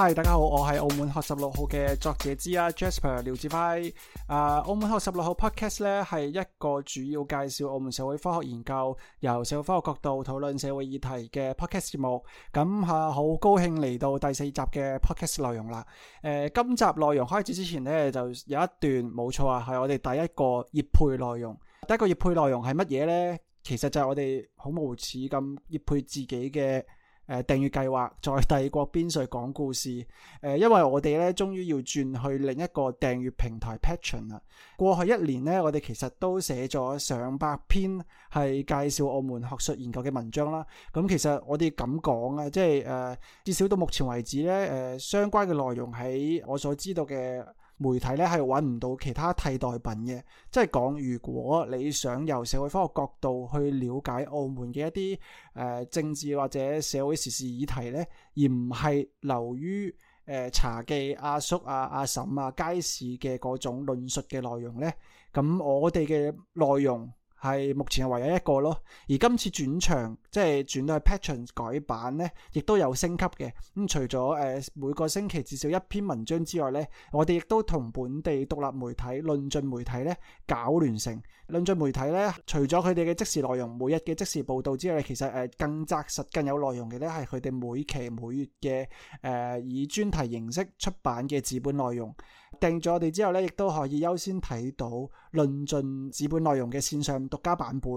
嗨，大家好，我係澳門學十六號嘅作者之一 Jasper 廖志輝。Uh, 澳門學十六號 podcast 咧係一個主要介紹澳門社會科學研究，由社會科學角度討論社會議題嘅 podcast 節目。咁吓好高興嚟到第四集嘅 podcast 內容啦。誒、uh，今集內容開始之前咧就有一段冇錯啊，係我哋第一個業配內容。第一個業配內容係乜嘢咧？其實就係我哋好無恥咁業配自己嘅。誒訂閱計劃，在帝國邊陲講故事、呃。因為我哋咧，終於要轉去另一個訂閱平台 Patreon 啦。過去一年咧，我哋其實都寫咗上百篇係介紹澳門學術研究嘅文章啦。咁、嗯、其實我哋咁講啊，即係、呃、至少到目前為止咧、呃，相關嘅內容喺我所知道嘅媒體咧係揾唔到其他替代品嘅，即係講如果你想由社會科學角度去了解澳門嘅一啲誒、呃、政治或者社會時事議題咧，而唔係流於誒茶記阿叔啊、阿嬸啊、啊、啊街市嘅嗰種論述嘅內容咧，咁我哋嘅內容係目前係唯一一個咯，而今次轉場。即係轉到去 Patreon 改版咧，亦都有升級嘅。咁除咗誒、呃、每個星期至少一篇文章之外咧，我哋亦都同本地獨立媒體論盡媒體咧搞聯成。論盡媒體咧，除咗佢哋嘅即時內容、每日嘅即時報導之外，其實誒、呃、更扎實、更有內容嘅咧，係佢哋每期每月嘅誒、呃、以專題形式出版嘅紙本內容。訂咗我哋之後咧，亦都可以優先睇到論盡紙本內容嘅線上獨家版本。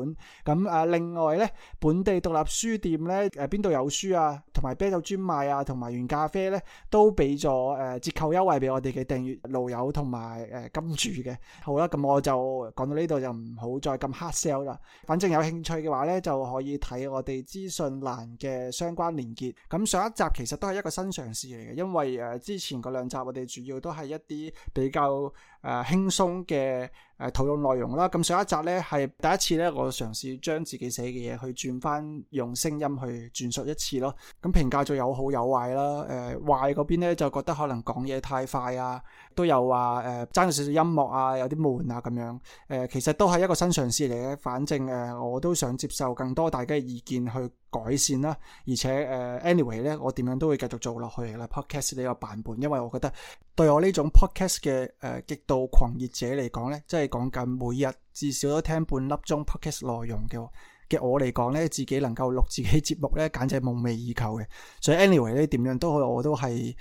咁誒、呃、另外咧，本地。獨立書店咧，誒邊度有書啊？同埋啤酒專賣啊，同埋原咖啡咧，都俾咗誒折扣優惠俾我哋嘅訂閱路友同埋誒金主嘅。好啦，咁我就講到呢度就唔好再咁 hard sell 啦。反正有興趣嘅話咧，就可以睇我哋資訊欄嘅相關連結。咁上一集其實都係一個新嘗試嚟嘅，因為誒、呃、之前嗰兩集我哋主要都係一啲比較誒、呃、輕鬆嘅。誒討論內容啦，咁上一集呢，係第一次呢，我嘗試將自己寫嘅嘢去轉翻，用聲音去轉述一次咯，咁評價就有好有壞啦。誒壞嗰邊呢，就覺得可能講嘢太快啊，都有話誒爭少少音樂啊，有啲悶啊咁樣、呃。其實都係一個新嘗試嚟嘅，反正誒、呃、我都想接受更多大家嘅意見去。改善啦，而且誒、呃，anyway 咧，我點樣都會繼續做落去嘅啦。Podcast 呢個版本，因為我覺得對我呢種 Podcast 嘅誒極度狂熱者嚟講咧，即係講緊每日至少都聽半粒鐘 Podcast 內容嘅，嘅我嚟講咧，自己能夠錄自己節目咧，簡直夢寐以求嘅。所以 anyway 咧，點樣都好，我都係誒、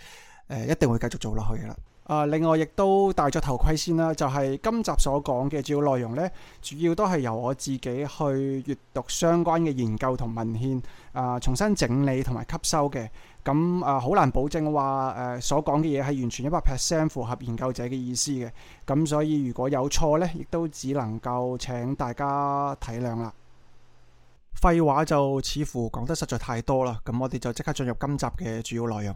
呃，一定會繼續做落去嘅啦。啊！另外，亦都戴咗頭盔先啦。就係今集所講嘅主要內容呢，主要都係由我自己去閱讀相關嘅研究同文獻啊，重新整理同埋吸收嘅。咁啊，好難保證話誒所講嘅嘢係完全一百 percent 符合研究者嘅意思嘅。咁所以如果有錯呢，亦都只能夠請大家體諒啦。廢話就似乎講得實在太多啦。咁我哋就即刻進入今集嘅主要內容。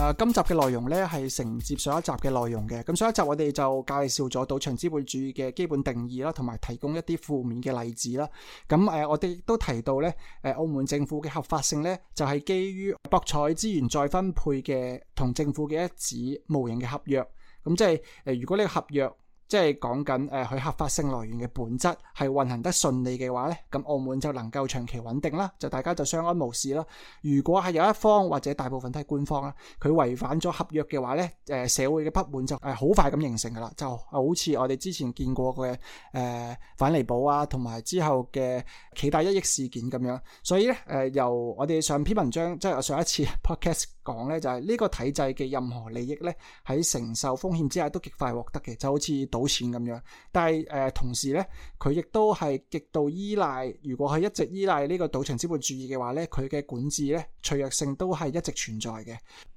誒、啊，今集嘅內容咧係承接上一集嘅內容嘅，咁上一集我哋就介紹咗賭場資本主義嘅基本定義啦，同埋提供一啲負面嘅例子啦。咁誒、呃，我哋亦都提到咧、呃，澳門政府嘅合法性咧就係、是、基於博彩資源再分配嘅同政府嘅一紙無形嘅合約。咁即係如果呢個合約，即係講緊誒，佢、呃、合法性來源嘅本質係運行得順利嘅話咧，咁澳門就能夠長期穩定啦，就大家就相安無事啦。如果係有一方或者大部分都係官方啦，佢違反咗合約嘅話咧、呃，社會嘅不滿就好快咁形成噶啦，就好似我哋之前見過嘅誒、呃、反尼保啊，同埋之後嘅其大一億事件咁樣。所以咧、呃，由我哋上篇文章即係、就是、上一次 podcast 講咧，就係、是、呢個體制嘅任何利益咧，喺承受風險之下都極快獲得嘅，就好似冇錢咁樣，但係誒、呃，同時咧，佢亦都係極度依賴。如果係一直依賴呢個賭場資本主義嘅話咧，佢嘅管治咧，脆弱性都係一直存在嘅。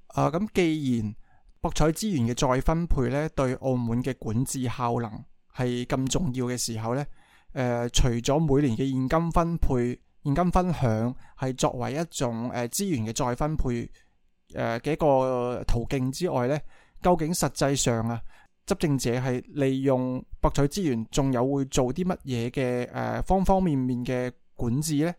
啊、呃，咁既然博彩資源嘅再分配咧，對澳門嘅管治效能係咁重要嘅時候咧，誒、呃，除咗每年嘅現金分配、現金分享係作為一種誒資源嘅再分配誒嘅一個途徑之外咧，究竟實際上啊，執政者係利用博彩資源，仲有會做啲乜嘢嘅誒方方面面嘅管治呢？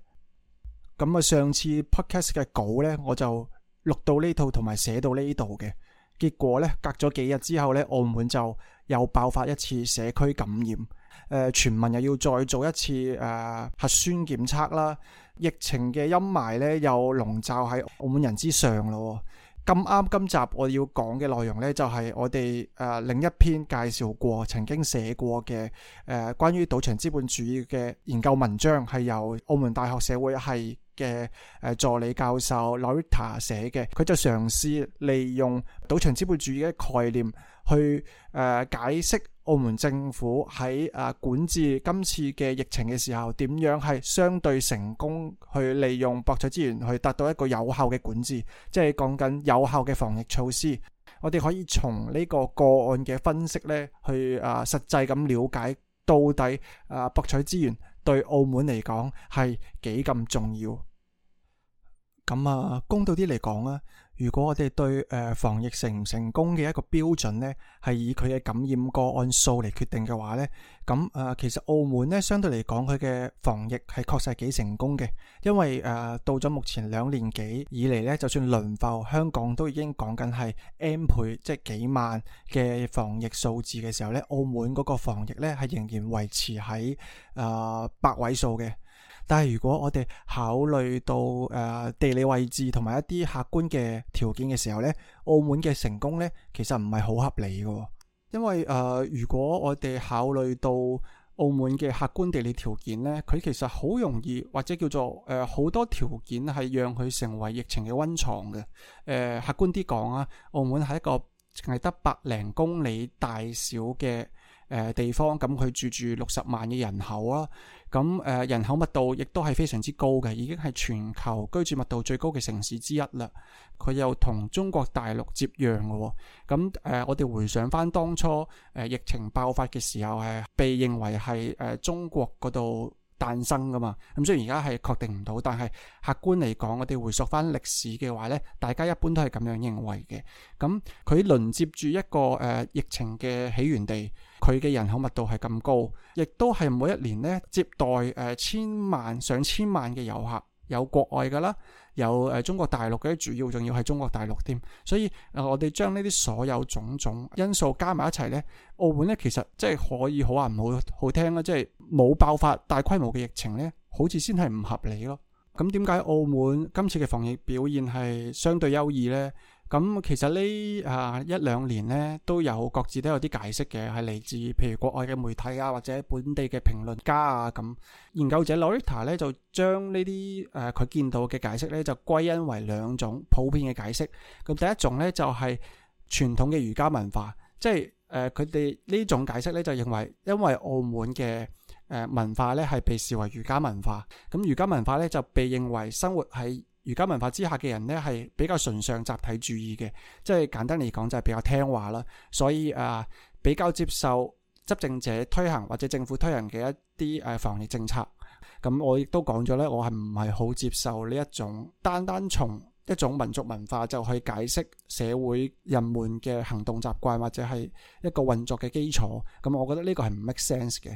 咁啊，上次 podcast 嘅稿呢，我就錄到呢套同埋寫到呢度嘅，結果呢，隔咗幾日之後呢，澳門就又爆發一次社區感染，誒，全民又要再做一次誒核酸檢測啦，疫情嘅陰霾呢，又籠罩喺澳門人之上咯。咁啱今集我要講嘅內容呢，就係我哋誒另一篇介紹過、曾經寫過嘅誒關於賭場資本主義嘅研究文章，係由澳門大學社會系嘅助理教授 Lorita 寫嘅。佢就嘗試利用賭場資本主義嘅概念去誒解釋。澳門政府喺啊管治今次嘅疫情嘅時候，點樣係相對成功去利用博彩資源去達到一個有效嘅管治，即係講緊有效嘅防疫措施。我哋可以從呢個個案嘅分析呢，去啊實際咁了解到底啊博彩資源對澳門嚟講係幾咁重要。咁啊，公道啲嚟講啊。如果我哋對誒、呃、防疫成唔成功嘅一個標準呢，係以佢嘅感染個案數嚟決定嘅話呢，咁誒、呃、其實澳門呢，相對嚟講，佢嘅防疫係確實係幾成功嘅，因為誒、呃、到咗目前兩年幾以嚟呢，就算鄰埠香港都已經講緊係 M 倍即係、就是、幾萬嘅防疫數字嘅時候呢，澳門嗰個防疫呢，係仍然維持喺誒、呃、百位數嘅。但係如果我哋考慮到誒、地理位置同埋一啲客觀嘅條件嘅時候呢，澳門嘅成功呢，其實唔係好合理嘅，因為誒、如果我哋考慮到澳門嘅客觀地理條件呢，佢其實好容易或者叫做誒、好多條件係讓佢成為疫情嘅溫床嘅、呃。客觀啲講啊，澳門係一個淨係得百零公里大小嘅、呃、地方，咁佢住住六十萬嘅人口啊。咁、呃、人口密度亦都係非常之高嘅，已經係全球居住密度最高嘅城市之一啦。佢又同中國大陸接壤嘅喎。咁、呃、我哋回想翻當初、呃、疫情爆發嘅時候，係、呃、被認為係、呃、中國嗰度誕生噶嘛。咁、呃、雖然而家係確定唔到，但係客觀嚟講，我哋回溯翻歷史嘅話呢，大家一般都係咁樣認為嘅。咁、呃、佢鄰接住一個、呃、疫情嘅起源地。佢嘅人口密度係咁高，亦都係每一年呢，接待千萬上千萬嘅遊客，有國外㗎啦，有中國大陸嘅，主要仲要係中國大陸添。所以我哋將呢啲所有種種因素加埋一齊呢，澳門呢，其實即係可以好話唔好好聽啦，即係冇爆發大規模嘅疫情呢，好似先係唔合理咯。咁點解澳門今次嘅防疫表現係相對優異呢？咁其實呢啊一兩年咧，都有各自都有啲解釋嘅，係嚟自譬如國外嘅媒體啊，或者本地嘅評論家啊，咁研究者 Lolita 咧就將呢啲誒佢見到嘅解釋咧就歸因為兩種普遍嘅解釋。咁第一種咧就係傳統嘅儒家文化，即係誒佢哋呢種解釋咧就認為，因為澳門嘅誒、呃、文化咧係被視為儒家文化，咁儒家文化咧就被認為生活喺儒家文化之下嘅人呢，係比較崇尚集體主義嘅，即係簡單嚟講就係比較聽話啦，所以啊比較接受執政者推行或者政府推行嘅一啲誒防疫政策。咁我亦都講咗呢，我係唔係好接受呢一種單單從一種民族文化就去解釋社會人們嘅行動習慣或者係一個運作嘅基礎。咁我覺得呢個係唔 make sense 嘅。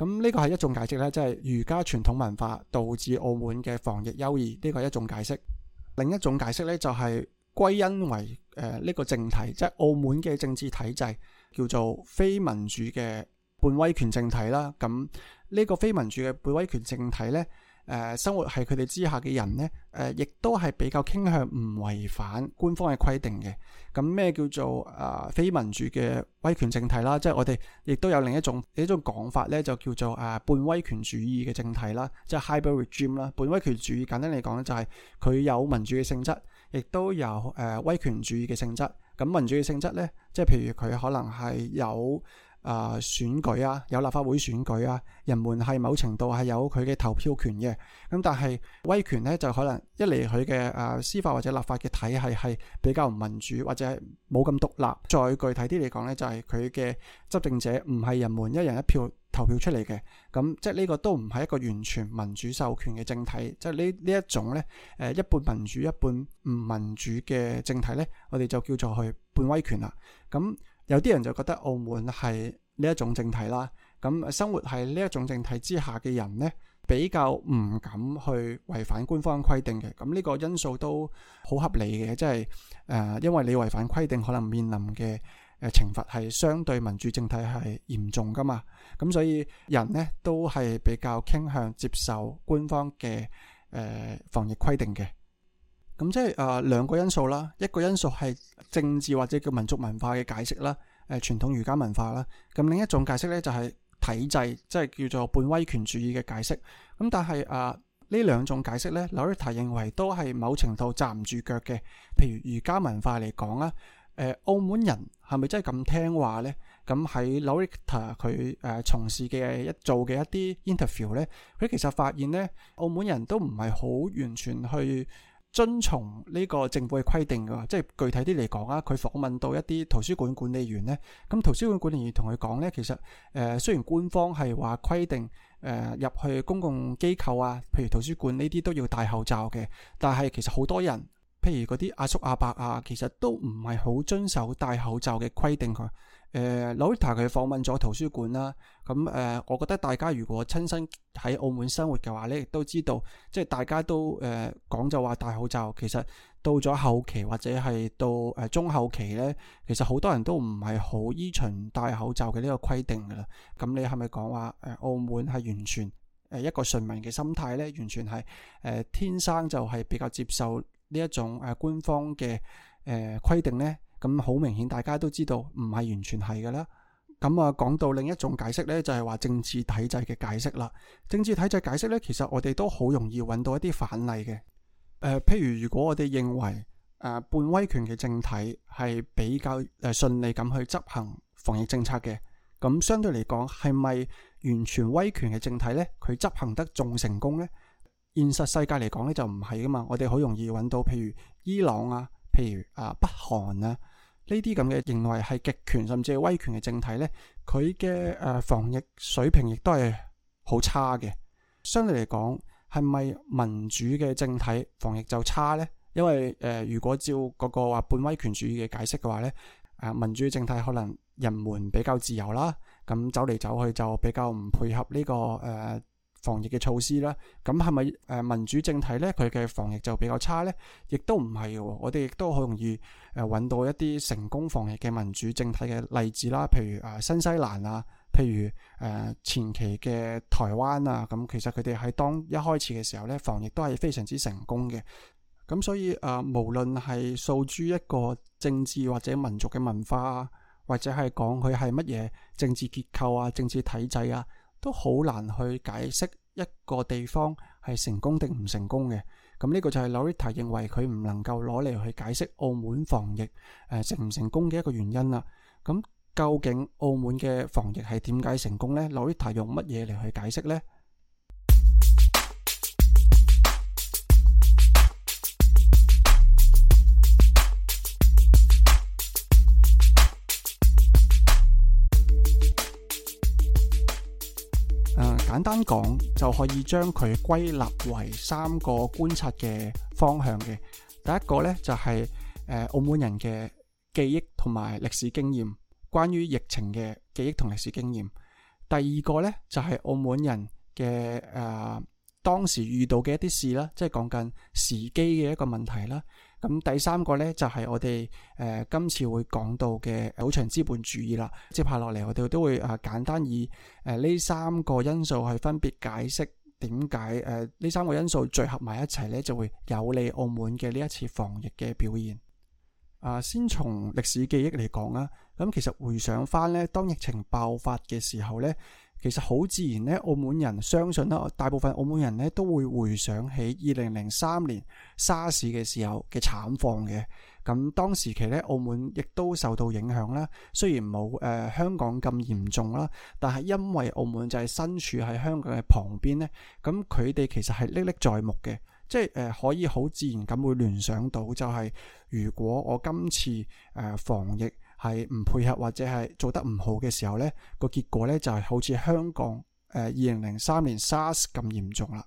咁呢個係一種解釋咧，即係儒家傳統文化導致澳門嘅防疫優異，呢個係一種解釋。另一種解釋呢，就係歸因為呢個政體，即係澳門嘅政治體制叫做非民主嘅半威權政體啦。咁呢個非民主嘅半威權政體呢。誒、呃、生活係佢哋之下嘅人呢，亦、呃、都係比較傾向唔違反官方嘅規定嘅。咁咩叫做、呃、非民主嘅威權政體啦？即係我哋亦都有另一種一種講法呢，就叫做、呃、半威權主義嘅政體啦，即係 hybrid regime 啦。半威權主義簡單嚟講就係佢有民主嘅性質，亦都有誒、呃、威權主義嘅性質。咁民主嘅性質呢，即係譬如佢可能係有。啊、呃，選舉啊，有立法會選舉啊，人們係某程度係有佢嘅投票權嘅。咁、嗯、但係威權呢，就可能一嚟佢嘅司法或者立法嘅體系係比較唔民主，或者係冇咁獨立。再具體啲嚟講呢，就係佢嘅執政者唔係人們一人一票投票出嚟嘅。咁、嗯、即係呢個都唔係一個完全民主授權嘅政體。即係呢呢一種呢，誒、呃、一半民主一半唔民主嘅政體呢，我哋就叫做去半威權啦。咁、嗯。有啲人就覺得澳門係呢一種政體啦，咁生活喺呢一種政體之下嘅人呢，比較唔敢去違反官方規定嘅，咁呢個因素都好合理嘅，即係誒，因為你違反規定可能面臨嘅誒懲罰係相對民主政體係嚴重噶嘛，咁所以人呢都係比較傾向接受官方嘅誒防疫規定嘅。咁即係誒兩個因素啦，一個因素係政治或者叫民族文化嘅解釋啦，誒、呃、傳統儒家文化啦。咁另一種解釋咧就係、是、體制，即、就、係、是、叫做半威權主義嘅解釋。咁但係誒呢兩種解釋咧 Lorita 認為都係某程度站唔住腳嘅。譬如儒家文化嚟講啦，誒、呃、澳門人係咪真係咁聽話咧？咁喺 Lorita 佢誒從事嘅一做嘅一啲 interview 咧，佢其實發現咧，澳門人都唔係好完全去。遵從呢個政府嘅規定㗎，即係具體啲嚟講啊，佢訪問到一啲圖書館管理員呢，咁圖書館管理員同佢講呢，其實誒、呃、雖然官方係話規定、呃、入去公共機構啊，譬如圖書館呢啲都要戴口罩嘅，但係其實好多人，譬如嗰啲阿叔阿伯啊，其實都唔係好遵守戴口罩嘅規定佢。誒 Lorita 佢訪問咗圖書館啦。咁誒、呃，我覺得大家如果親身喺澳門生活嘅話咧，亦都知道，即係大家都誒講就話戴口罩。其實到咗後期或者係到誒、呃、中後期咧，其實好多人都唔係好依循戴口罩嘅呢個規定噶啦。咁你係咪講話誒澳門係完全誒一個順民嘅心態咧？完全係誒、呃、天生就係比較接受呢一種誒官方嘅誒規定咧？咁好明顯，大家都知道唔係完全係嘅啦。咁啊，講到另一種解釋呢，就係話政治體制嘅解釋啦。政治體制解釋呢，其實我哋都好容易揾到一啲反例嘅。譬如如果我哋認為誒、啊、半威權嘅政體係比較誒順利咁去執行防疫政策嘅，咁相對嚟講係咪完全威權嘅政體呢？佢執行得仲成功呢？現實世界嚟講呢，就唔係噶嘛。我哋好容易揾到，譬如伊朗啊，譬如啊北韓啊。呢啲咁嘅認為係極權甚至係威權嘅政體呢，佢嘅誒防疫水平亦都係好差嘅。相對嚟講，係咪民主嘅政體防疫就差呢？因為誒、呃，如果照嗰個話半威權主義嘅解釋嘅話呢，民主嘅政體可能人們比較自由啦，咁走嚟走去就比較唔配合呢個誒、呃。防疫嘅措施啦，咁係咪誒民主政體呢？佢嘅防疫就比較差呢？亦都唔係喎，我哋亦都好容易誒揾到一啲成功防疫嘅民主政體嘅例子啦，譬如誒新西蘭啊，譬如誒前期嘅台灣啊，咁其實佢哋喺當一開始嘅時候呢，防疫都係非常之成功嘅。咁所以誒，無論係訴諸一個政治或者民族嘅文化，啊，或者係講佢係乜嘢政治結構啊、政治體制啊。都好難去解釋一個地方係成功定唔成功嘅，咁呢個就係 Loretta 認為佢唔能夠攞嚟去解釋澳門防疫誒成唔成功嘅一個原因啦。咁究竟澳門嘅防疫係點解成功呢？Loretta 用乜嘢嚟去解釋呢？簡單講就可以將佢歸納為三個觀察嘅方向嘅。第一個呢，就係、是、誒澳門人嘅記憶同埋歷史經驗，關於疫情嘅記憶同歷史經驗。第二個呢，就係、是、澳門人嘅誒、呃、當時遇到嘅一啲事啦，即係講緊時機嘅一個問題啦。咁第三個咧就係我哋誒今次會講到嘅賭場資本主義啦。接下落嚟我哋都會啊簡單以誒呢三個因素去分別解釋點解誒呢三個因素聚合埋一齊咧就會有利澳門嘅呢一次防疫嘅表現。啊，先從歷史記憶嚟講啦。咁其實回想翻咧，當疫情爆發嘅時候咧。其實好自然咧，澳門人相信啦，大部分澳門人咧都會回想起二零零三年沙士嘅時候嘅慘況嘅。咁當時期咧，澳門亦都受到影響啦。雖然冇、呃、香港咁嚴重啦，但係因為澳門就係身處喺香港嘅旁邊咧，咁佢哋其實係歷歷在目嘅，即係、呃、可以好自然咁會聯想到，就係如果我今次、呃、防疫係唔配合或者係做得唔好嘅時候呢、呢個結果呢就係、是、好似香港誒二零零三年 SARS 咁嚴重啦。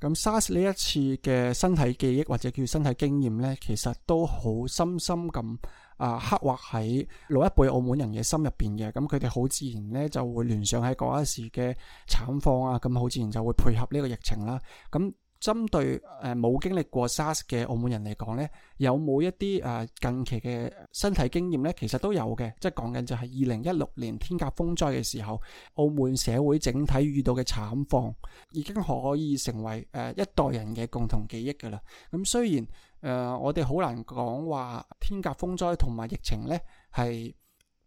咁 SARS 呢一次嘅身體記憶或者叫身體經驗呢，其實都好深深咁啊、呃、刻劃喺老一輩澳門人嘅心入邊嘅。咁佢哋好自然呢就會聯想喺嗰一時嘅慘況啊，咁好自然就會配合呢個疫情啦。咁針對誒冇經歷過 SARS 嘅澳門人嚟講咧，有冇一啲誒近期嘅身體經驗咧？其實都有嘅，即係講緊就係二零一六年天鴿風災嘅時候，澳門社會整體遇到嘅慘況已經可以成為誒一代人嘅共同記憶㗎啦。咁雖然誒我哋好難講話天鴿風災同埋疫情咧係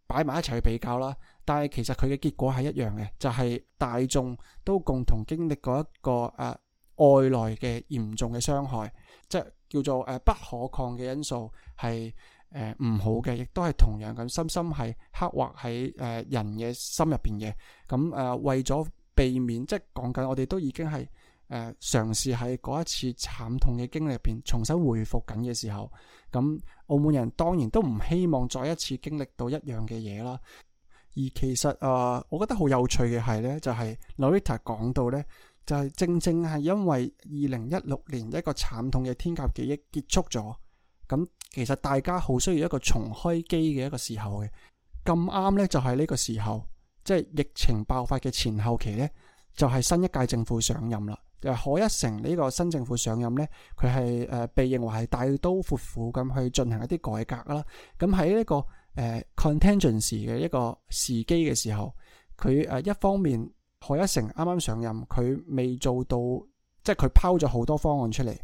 擺埋一齊去比較啦，但係其實佢嘅結果係一樣嘅，就係大眾都共同經歷過一個誒，外來嘅嚴重嘅傷害，即係叫做誒不可抗嘅因素係誒唔好嘅，亦都係同樣咁深深係刻畫喺誒人嘅心入邊嘅。咁誒為咗避免，即係講緊我哋都已經係誒嘗試喺嗰一次慘痛嘅經歷入邊重新恢復緊嘅時候，咁澳門人當然都唔希望再一次經歷到一樣嘅嘢啦。而其實啊，我覺得好有趣嘅係呢，就係、是、Lorita 講到呢。就係、是、正正係因為二零一六年一個慘痛嘅天鴿記憶結束咗，咁其實大家好需要一個重開機嘅一個時候嘅。咁啱呢，就係呢個時候，即係疫情爆發嘅前後期呢，就係新一屆政府上任啦。誒，賀一誠呢個新政府上任呢，佢係誒被認為係大刀闊斧咁去進行一啲改革啦。咁喺呢個誒 contingency 嘅一個時機嘅時候，佢誒一方面。賀一誠啱啱上任，佢未做到，即係佢拋咗好多方案出嚟，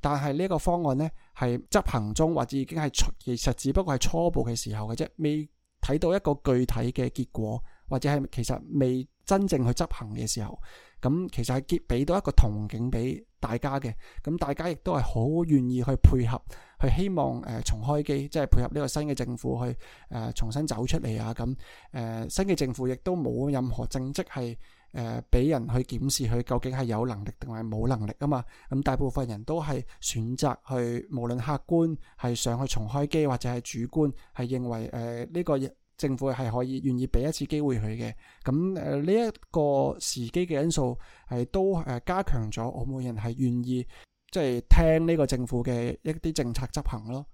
但係呢個方案咧係執行中，或者已經係其實只不過係初步嘅時候嘅啫，未睇到一個具體嘅結果，或者係其實未真正去執行嘅時候，咁其實係給俾到一個憧憬俾大家嘅，咁大家亦都係好願意去配合，去希望誒、呃、重開機，即係配合呢個新嘅政府去誒、呃、重新走出嚟啊，咁誒、呃、新嘅政府亦都冇任何政績係。誒、呃，俾人去檢視佢究竟係有能力定係冇能力啊嘛？咁、嗯、大部分人都係選擇去，無論客觀係上去重開機，或者係主觀係認為誒呢、呃這個政府係可以願意俾一次機會佢嘅。咁誒呢一個時機嘅因素係都誒加強咗，澳門人係願意即係聽呢個政府嘅一啲政策執行咯。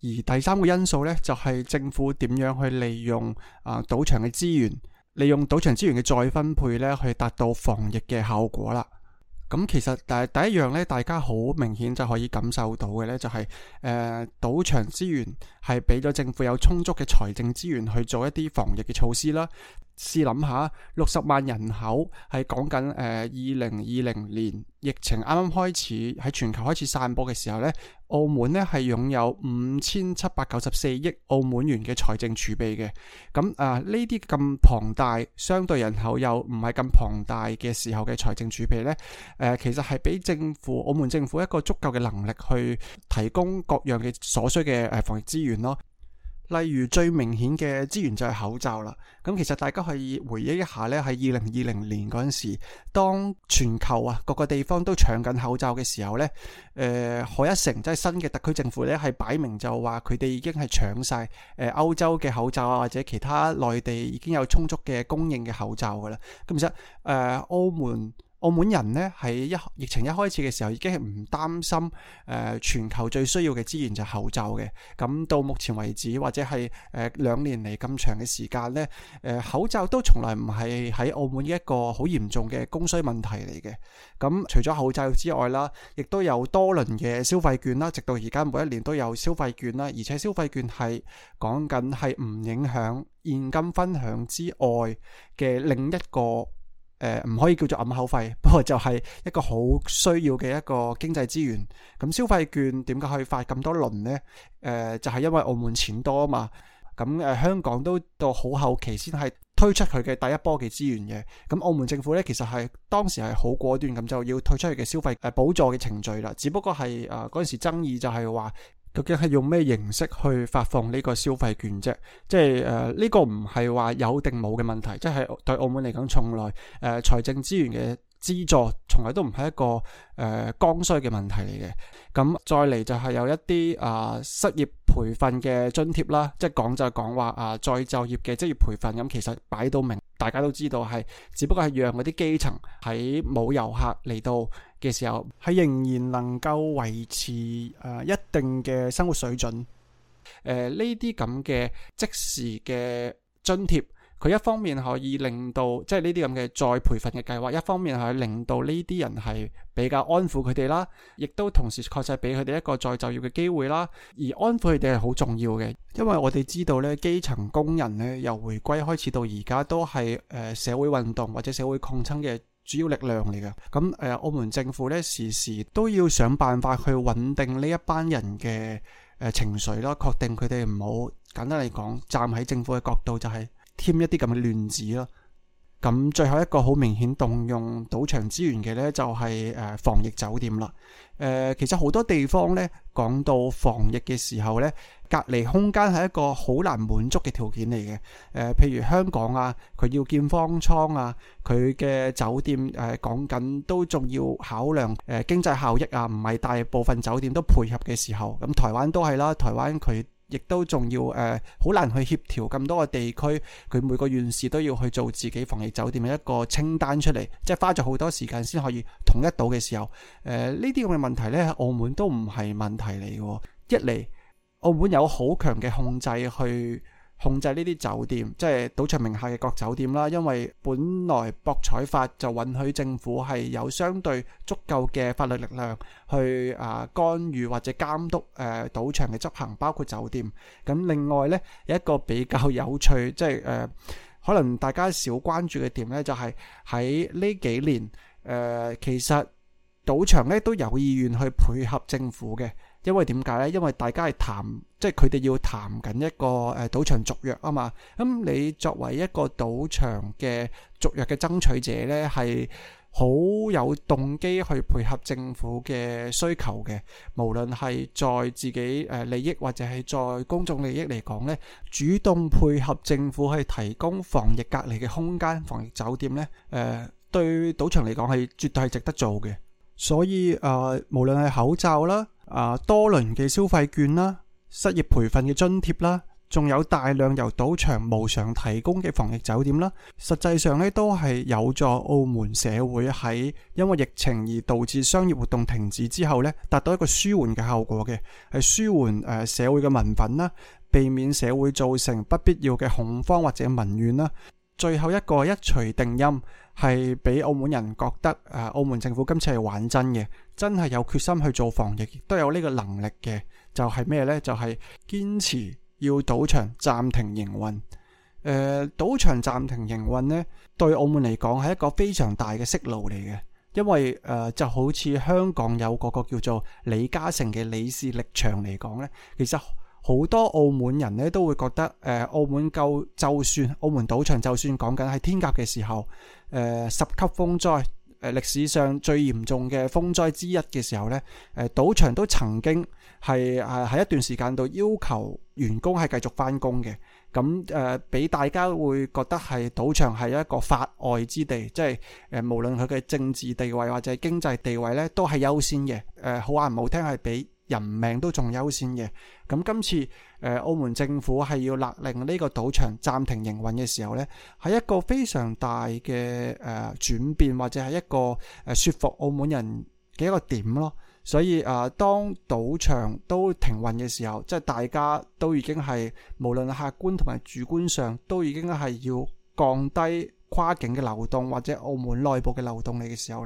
而第三個因素呢，就係、是、政府點樣去利用啊、呃、賭場嘅資源。利用賭場資源嘅再分配咧，去達到防疫嘅效果啦。咁其實第一樣咧，大家好明顯就可以感受到嘅咧，就是，就係誒賭場資源係俾咗政府有充足嘅財政資源去做一啲防疫嘅措施啦。試諗下，六十萬人口係講緊誒，二零二零年疫情啱啱開始喺全球開始散播嘅時候呢，澳門呢係擁有五千七百九十四億澳門元嘅財政儲備嘅。咁、嗯、啊，呢啲咁龐大，相對人口又唔係咁龐大嘅時候嘅財政儲備呢，誒、呃，其實係俾政府澳門政府一個足夠嘅能力去提供各樣嘅所需嘅誒、呃、防疫資源咯。例如最明顯嘅資源就係口罩啦，咁其實大家可以回憶一下呢喺二零二零年嗰陣時候，當全球啊各個地方都搶緊口罩嘅時候呢誒賀、呃、一誠即係新嘅特區政府呢，係擺明就話佢哋已經係搶晒誒、呃、歐洲嘅口罩啊，或者其他內地已經有充足嘅供應嘅口罩噶啦，咁其實誒澳門。呃澳門人呢，喺一疫情一開始嘅時候已經係唔擔心，誒、呃、全球最需要嘅資源就係口罩嘅。咁到目前為止或者係誒、呃、兩年嚟咁長嘅時間呢，誒、呃、口罩都從來唔係喺澳門一個好嚴重嘅供需問題嚟嘅。咁除咗口罩之外啦，亦都有多輪嘅消費券啦，直到而家每一年都有消費券啦，而且消費券係講緊係唔影響現金分享之外嘅另一個。唔、呃、可以叫做暗口費，不過就係一個好需要嘅一個經濟資源。咁消費券點解可以發咁多輪呢？誒、呃，就係、是、因為澳門錢多啊嘛。咁誒、呃，香港都到好後期先係推出佢嘅第一波嘅資源嘅。咁澳門政府呢，其實係當時係好果斷咁就要推出佢嘅消費誒補助嘅程序啦。只不過係誒嗰陣時爭議就係話。究竟係用咩形式去發放呢個消費券啫？即係誒，呢、呃呢個唔係話有定冇嘅問題，即係對澳門嚟講，從來誒、呃、財政資源嘅資助，從來都唔係一個誒剛需嘅問題嚟嘅。咁、嗯、再嚟就係有一啲啊、呃、失業培訓嘅津貼啦，即係講就係講話啊再就業嘅職業培訓，咁、嗯、其實擺到明，大家都知道係只不過係讓嗰啲基層喺冇遊客嚟到。嘅時候，係仍然能夠維持誒、呃、一定嘅生活水準。誒、呃，呢啲咁嘅即時嘅津貼，佢一方面可以令到即係呢啲咁嘅再培訓嘅計劃，一方面係令到呢啲人係比較安撫佢哋啦，亦都同時確實俾佢哋一個再就業嘅機會啦。而安撫佢哋係好重要嘅，因為我哋知道咧，基層工人咧由回歸開始到而家都係誒、呃、社會運動或者社會抗爭嘅。主要力量嚟嘅，咁誒，澳門政府咧時時都要想辦法去穩定呢一班人嘅誒情緒啦，確定佢哋唔好簡單嚟講，站喺政府嘅角度就係添一啲咁嘅亂子咯。咁最後一個好明顯動用賭場資源嘅呢，就係誒防疫酒店啦。誒其實好多地方呢講到防疫嘅時候呢，隔離空間係一個好難滿足嘅條件嚟嘅。誒譬如香港啊，佢要建方艙啊，佢嘅酒店誒講緊都仲要考量誒經濟效益啊，唔係大部分酒店都配合嘅時候，咁台灣都係啦，台灣佢。亦都仲要誒，好、呃、難去協調咁多個地區，佢每個縣市都要去做自己防疫酒店嘅一個清單出嚟，即係花咗好多時間先可以統一到嘅時候，誒呢啲咁嘅問題呢，喺澳門都唔係問題嚟嘅。哦，一嚟澳門有好強嘅控制去。控制呢啲酒店，即係賭場名下嘅各酒店啦。因為本來博彩法就允許政府係有相對足夠嘅法律力量去啊干預或者監督誒賭場嘅執行，包括酒店。咁另外咧，有一個比較有趣，即係誒可能大家少關注嘅點咧，就係喺呢幾年誒，其實賭場咧都有意願去配合政府嘅。因為點解呢？因為大家係談，即係佢哋要談緊一個誒賭場續約啊嘛。咁你作為一個賭場嘅續約嘅爭取者呢，係好有動機去配合政府嘅需求嘅。無論係在自己誒利益或者係在公眾利益嚟講呢，主動配合政府去提供防疫隔離嘅空間、防疫酒店呢，誒對賭場嚟講係絕對係值得做嘅。所以誒，無論係口罩啦。啊，多輪嘅消費券啦，失業培訓嘅津貼啦，仲有大量由賭場無償提供嘅防疫酒店啦，實際上咧都係有助澳門社會喺因為疫情而導致商業活動停止之後咧，達到一個舒緩嘅效果嘅，係舒緩、呃、社會嘅民憤啦，避免社會造成不必要嘅恐慌或者民怨啦。最後一個一錘定音，係俾澳門人覺得、呃、澳門政府今次係玩真嘅。真係有決心去做防疫，亦都有呢個能力嘅，就係、是、咩呢？就係、是、堅持要賭場暫停營運。誒、呃，賭場暫停營運呢，對澳門嚟講係一個非常大嘅息路嚟嘅，因為誒、呃、就好似香港有嗰個，個叫做李嘉誠嘅李氏力場嚟講呢，其實好多澳門人呢都會覺得，誒、呃，澳門夠就算澳門賭場就算講緊喺天鴿嘅時候，誒、呃，十級風災。誒，歷史上最嚴重嘅風災之一嘅時候呢誒，賭場都曾經係誒喺一段時間度要求員工係繼續翻工嘅，咁誒俾大家會覺得係賭場係一個法外之地，即係誒無論佢嘅政治地位或者經濟地位呢都係優先嘅，誒好話唔好聽係俾。人命都仲優先嘅，咁今次誒、呃、澳門政府係要勒令呢個賭場暫停營運嘅時候呢，係一個非常大嘅誒、呃、轉變，或者係一個誒、呃、說服澳門人嘅一個點咯。所以啊、呃，當賭場都停運嘅時候，即係大家都已經係無論客觀同埋主觀上都已經係要降低跨境嘅流動，或者澳門內部嘅流動嚟嘅時候，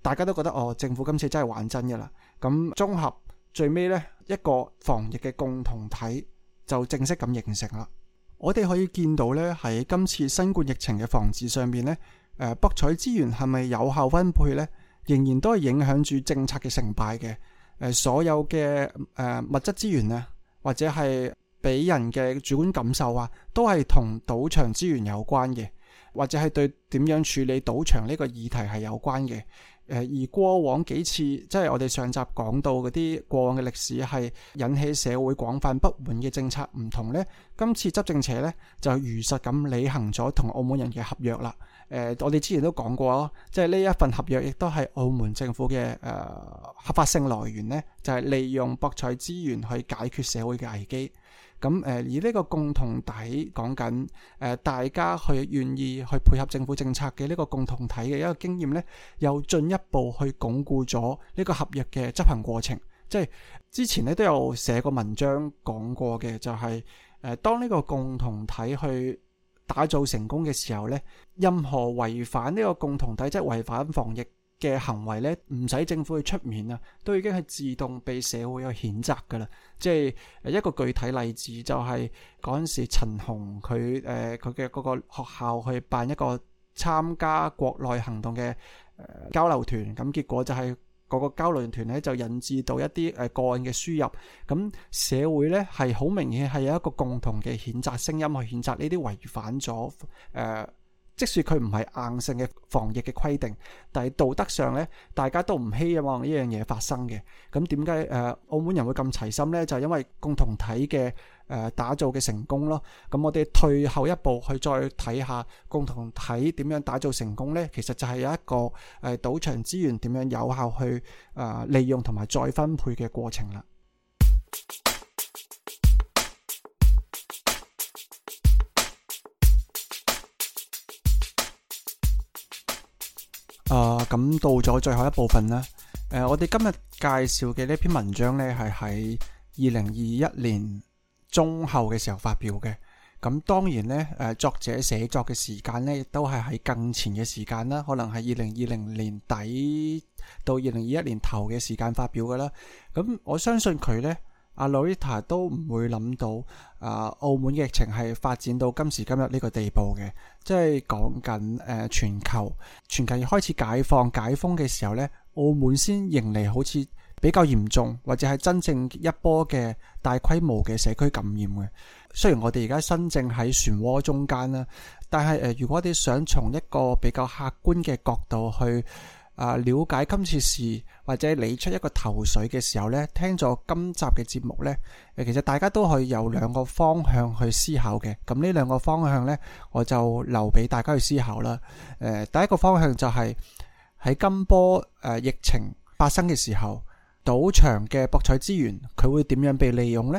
大家都覺得哦，政府今次真係玩真嘅啦。咁綜合。最尾呢，一個防疫嘅共同體就正式咁形成啦。我哋可以見到呢，喺今次新冠疫情嘅防治上面呢，誒博彩資源係咪有效分配呢？仍然都係影響住政策嘅成敗嘅。誒所有嘅誒物質資源啊，或者係俾人嘅主觀感受啊，都係同賭場資源有關嘅，或者係對點樣處理賭場呢個議題係有關嘅。誒，而過往幾次即係我哋上集講到嗰啲過往嘅歷史係引起社會廣泛不滿嘅政策唔同，呢今次執政者呢，就如實咁履行咗同澳門人嘅合約啦。誒、呃，我哋之前都講過咯，即係呢一份合約亦都係澳門政府嘅、呃、合法性來源，呢就係、是、利用博彩資源去解決社會嘅危機。咁誒，以呢個共同體講緊誒，大家去願意去配合政府政策嘅呢個共同體嘅一個經驗呢，又進一步去鞏固咗呢個合約嘅執行過程。即係之前呢都有寫過文章講過嘅，就係誒，當呢個共同體去打造成功嘅時候呢，任何違反呢個共同體，即係違反防疫。嘅行為咧，唔使政府去出面啊，都已經係自動被社會去譴責噶啦。即係一個具體例子就是陳，就係嗰陣時陳紅佢誒佢嘅嗰個學校去辦一個參加國內行動嘅、呃、交流團，咁結果就係嗰個交流團咧就引致到一啲誒、呃、個案嘅輸入，咁社會咧係好明顯係有一個共同嘅譴責聲音去譴責呢啲違反咗誒。呃即使佢唔係硬性嘅防疫嘅規定，但係道德上咧，大家都唔希望呢樣嘢發生嘅。咁點解誒澳門人會咁齊心呢？就係因為共同體嘅誒打造嘅成功咯。咁我哋退後一步去再睇下共同體點樣打造成功呢，其實就係有一個誒賭場資源點樣有效去誒利用同埋再分配嘅過程啦。誒、啊，咁到咗最後一部分啦。誒、呃，我哋今日介紹嘅呢篇文章呢，係喺二零二一年中後嘅時候發表嘅。咁當然呢，誒、呃，作者寫作嘅時間呢，亦都係喺更前嘅時間啦。可能係二零二零年底到二零二一年頭嘅時間發表㗎啦。咁我相信佢呢。阿路 t 塔都唔會諗到，啊，澳門疫情係發展到今時今日呢個地步嘅，即係講緊誒，全球全球開始解放解封嘅時候呢，澳門先迎嚟好似比較嚴重或者係真正一波嘅大規模嘅社區感染嘅。雖然我哋而家身正喺漩渦中間啦，但係、呃、如果你想從一個比較客觀嘅角度去啊！了解今次事或者理出一個頭緒嘅時候呢，聽咗今集嘅節目呢，其實大家都可以有兩個方向去思考嘅。咁呢兩個方向呢，我就留俾大家去思考啦，呃。第一個方向就係、是、喺今波誒、呃、疫情發生嘅時候，賭場嘅博彩資源佢會點樣被利用呢？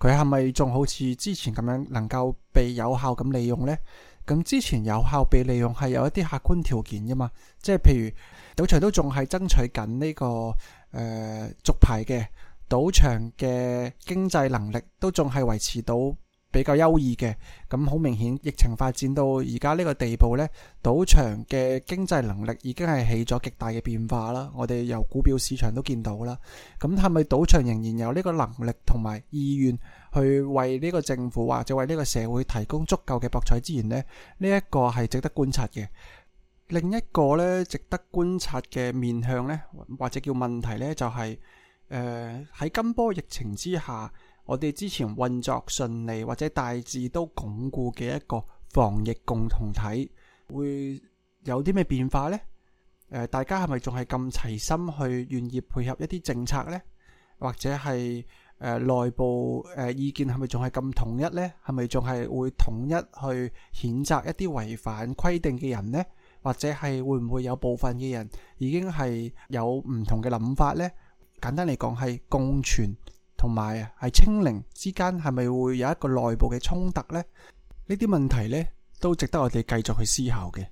佢係咪仲好似之前咁樣能夠被有效咁利用呢？咁之前有效被利用係有一啲客觀條件㗎嘛，即係譬如。賭場都仲係爭取緊、這、呢個誒、呃、續牌嘅賭場嘅經濟能力都仲係維持到比較優異嘅，咁好明顯疫情發展到而家呢個地步呢，賭場嘅經濟能力已經係起咗極大嘅變化啦。我哋由股票市場都見到啦，咁係咪賭場仍然有呢個能力同埋意願去為呢個政府或者為呢個社會提供足夠嘅博彩資源呢？呢一個係值得觀察嘅。另一個咧，值得觀察嘅面向呢，或者叫問題呢，就係誒喺今波疫情之下，我哋之前運作順利或者大致都鞏固嘅一個防疫共同體，會有啲咩變化呢？呃，大家係咪仲係咁齊心去願意配合一啲政策呢？或者係誒，呃、內部誒，呃、意見係咪仲係咁統一呢？係咪仲係會統一去譴責一啲違反規定嘅人呢？或者係會唔會有部分嘅人已經係有唔同嘅諗法呢？簡單嚟講，係共存同埋係清零之間係咪會有一個內部嘅衝突呢？呢啲問題呢，都值得我哋繼續去思考嘅。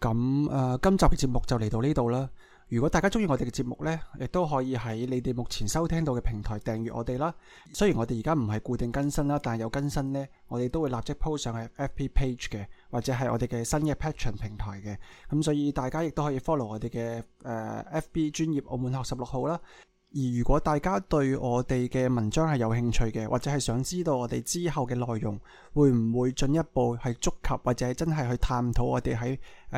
咁誒、呃，今集嘅節目就嚟到呢度啦。如果大家中意我哋嘅節目呢，亦都可以喺你哋目前收聽到嘅平台訂閱我哋啦。雖然我哋而家唔係固定更新啦，但係有更新呢，我哋都會立即 post 上喺 FB page 嘅，或者係我哋嘅新嘅 Patreon 平台嘅。咁所以大家亦都可以 follow 我哋嘅、呃、FB 專頁澳門學十六號啦。而如果大家對我哋嘅文章係有興趣嘅，或者係想知道我哋之後嘅內容會唔會進一步係觸及，或者係真係去探討我哋喺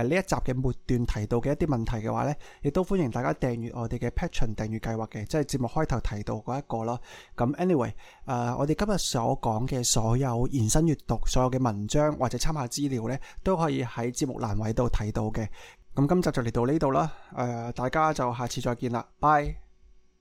呢一集嘅末段提到嘅一啲問題嘅話呢，亦都歡迎大家訂閱我哋嘅 Patreon 訂閱計劃嘅，即係節目開頭提到嗰一個囉。咁，anyway，誒、呃，我哋今日所講嘅所有延伸閱讀、所有嘅文章或者參考資料呢，都可以喺節目欄位度睇到嘅。咁今集就嚟到呢度啦，大家就下次再見啦，拜。